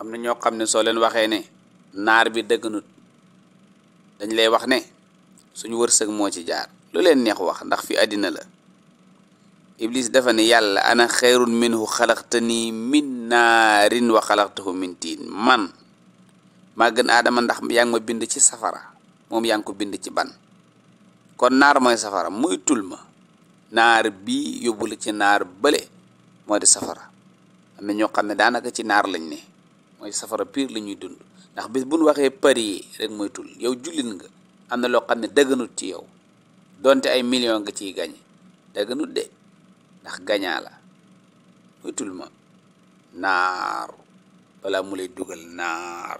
am na ñoo xam ne soo leen waxee ne naar bi dëgganut dañ lay wax ne suñu wërsëg moo ci jaar lu leen neex wax ndax fi àddina la iblis dafa ne yàlla ana xayrun minhu ni min naarin wa xalaqtahu min tiin man maa gën aadama ndax yaa ngi ma bind ci safara moom yaa ko bind ci ban kon naar mooy safara muy tul ma naar bii yóbbu la ci naar bële moo di safara am na ñoo xam ne daanaka ci naar lañ ne mooy safara piir la ñuy dund ndax bis bu nu waxee parier rek moytul yow jullit nga am na loo xam ne dëgganut ci yow donte ay million nga ciy gañe dëgganut de ndax gañaa la moytul ma naaru balaa mu lay dugal naar